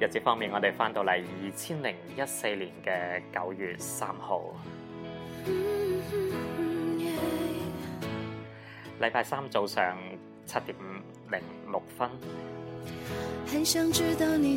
日子方面，我哋翻到嚟二千零一四年嘅九月三號，Mm-hmm, yeah. 禮拜三早上七點零六分。很想知道你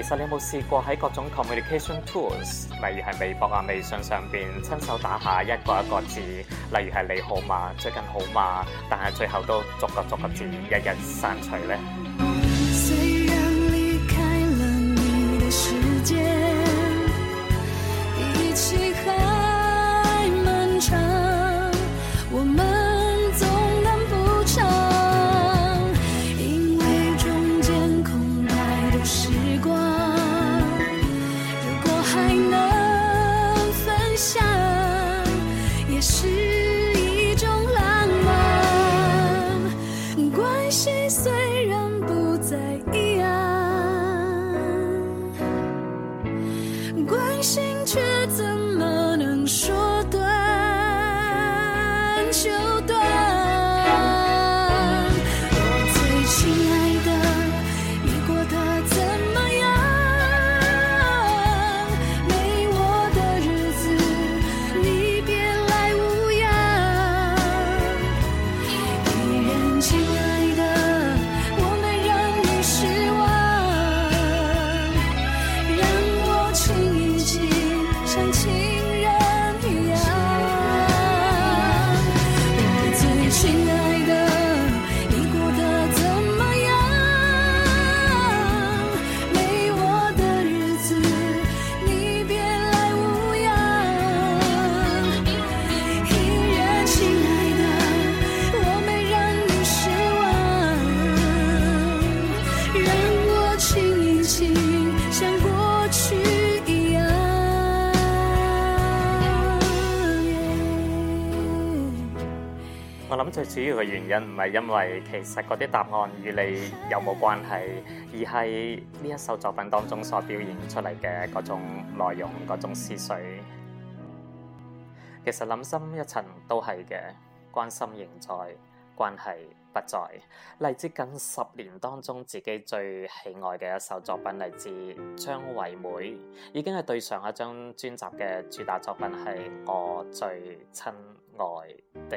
其實你有冇試過喺各種 communication tools，例如係微博啊、微信上面，親手打下一個一個字，例如係你好嗎、最近好嗎，但係最後都逐個逐個字，一日日刪除呢？最主要嘅原因唔係因為其實嗰啲答案與你有冇關係，而係呢一首作品當中所表現出嚟嘅，嗰種內容、嗰種思緒。其實諗深一層都係嘅，關心仍在，關係不在。嚟自近十年當中自己最喜愛嘅一首作品，嚟自張惠妹，已經係對上一張專輯嘅主打作品，係《我最親愛的》。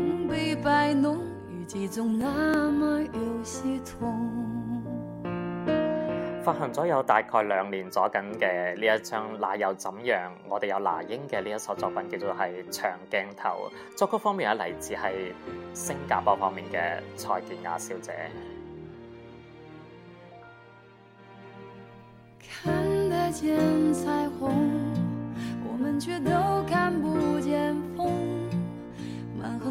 會擺弄中那麼有發行咗有大概兩年咗緊嘅呢一張，那又怎樣？我哋有那英嘅呢一首作品，叫做係長鏡頭。作曲方面啊，嚟自係新加坡方面嘅蔡健雅小姐。看得見彩虹，我們卻都看不見風。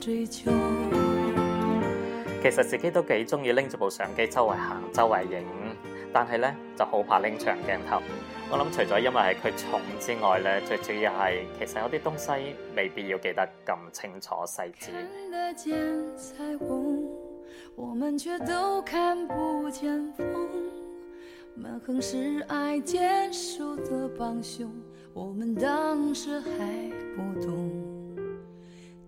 追求其實自己都幾中意，拎住部相機周圍行、周圍影，但係呢就好怕拎長鏡頭。我諗除咗因為係佢重之外呢，最主要係其實有啲東西未必要記得咁清楚細緻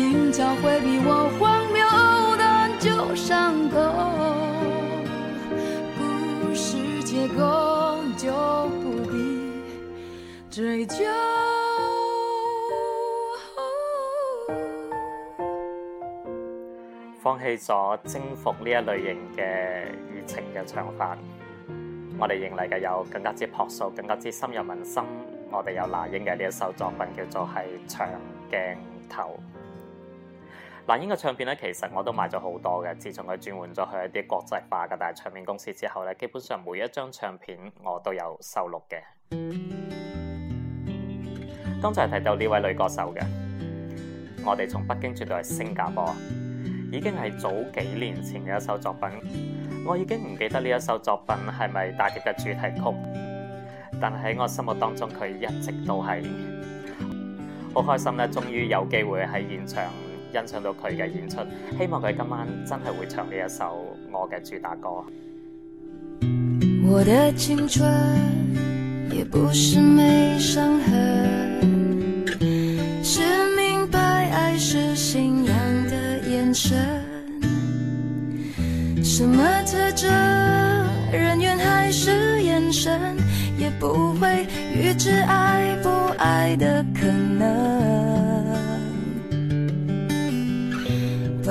明朝會比我荒謬，但就上頭，故事結構就不必追究。放棄咗征服呢一類型嘅熱情嘅唱法，我哋迎嚟嘅有更加之樸素、更加之深入民心。我哋有那英嘅呢一首作品，叫做係長鏡頭。那英嘅唱片咧，其實我都買咗好多嘅。自從佢轉換咗去一啲國際化嘅大唱片公司之後咧，基本上每一張唱片我都有收錄嘅。剛才提到呢位女歌手嘅，我哋從北京轉到去新加坡，已經係早幾年前嘅一首作品。我已經唔記得呢一首作品係咪大碟嘅主題曲，但喺我心目當中佢一直都係好開心咧，終於有機會喺現場。欣賞到佢嘅演出，希望佢今晚真係會唱呢一首我嘅主打歌。我的青春也不是沒傷痕，是明白愛是信仰的眼神。什麼特徵，人緣還是眼神，也不會預知愛不愛的可能。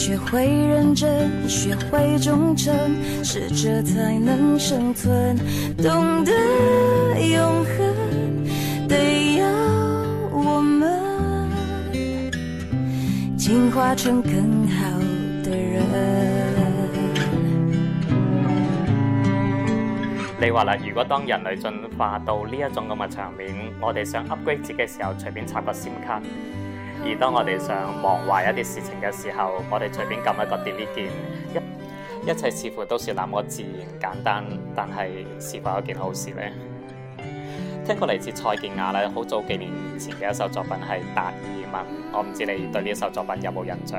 學會認真，學會忠誠，適者才能生存。懂得永恆，得要我們進化成更好的人。你話啦，如果當人類進化到呢一種咁嘅場面，我哋想 upgrade 自己嘅時候，隨便插個閃卡。而當我哋想忘懷一啲事情嘅時候，我哋隨便撳一個 delete 鍵，一一切似乎都是那麼自然簡單，但係是否一件好事呢？聽過嚟自蔡健雅啦，好早幾年前嘅一首作品係《達爾文》，我唔知你對呢首作品有冇印象？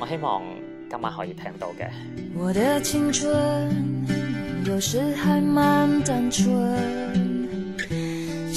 我希望今晚可以聽到嘅。我的青春，有時還蠻單純。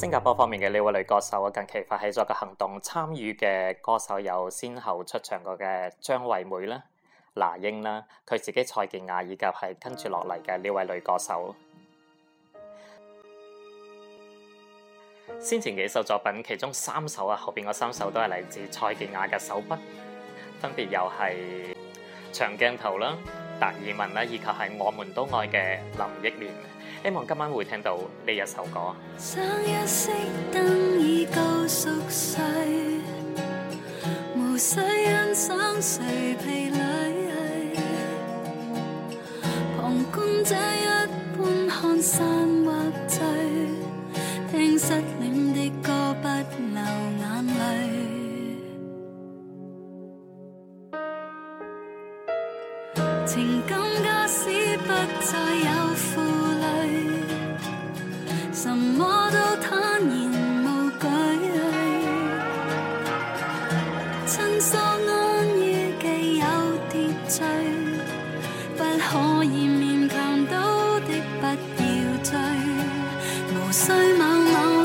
新加坡方面嘅呢位女歌手啊，近期發起咗個行動，參與嘅歌手有先後出場過嘅張惠妹啦、那英啦，佢自己蔡健雅以及係跟住落嚟嘅呢位女歌手。先前幾首作品，其中三首啊，後邊嗰三首都係嚟自蔡健雅嘅手筆，分別又係長鏡頭啦、達爾文啦，以及係我們都愛嘅林憶蓮。希望今晚會聽到呢一首歌。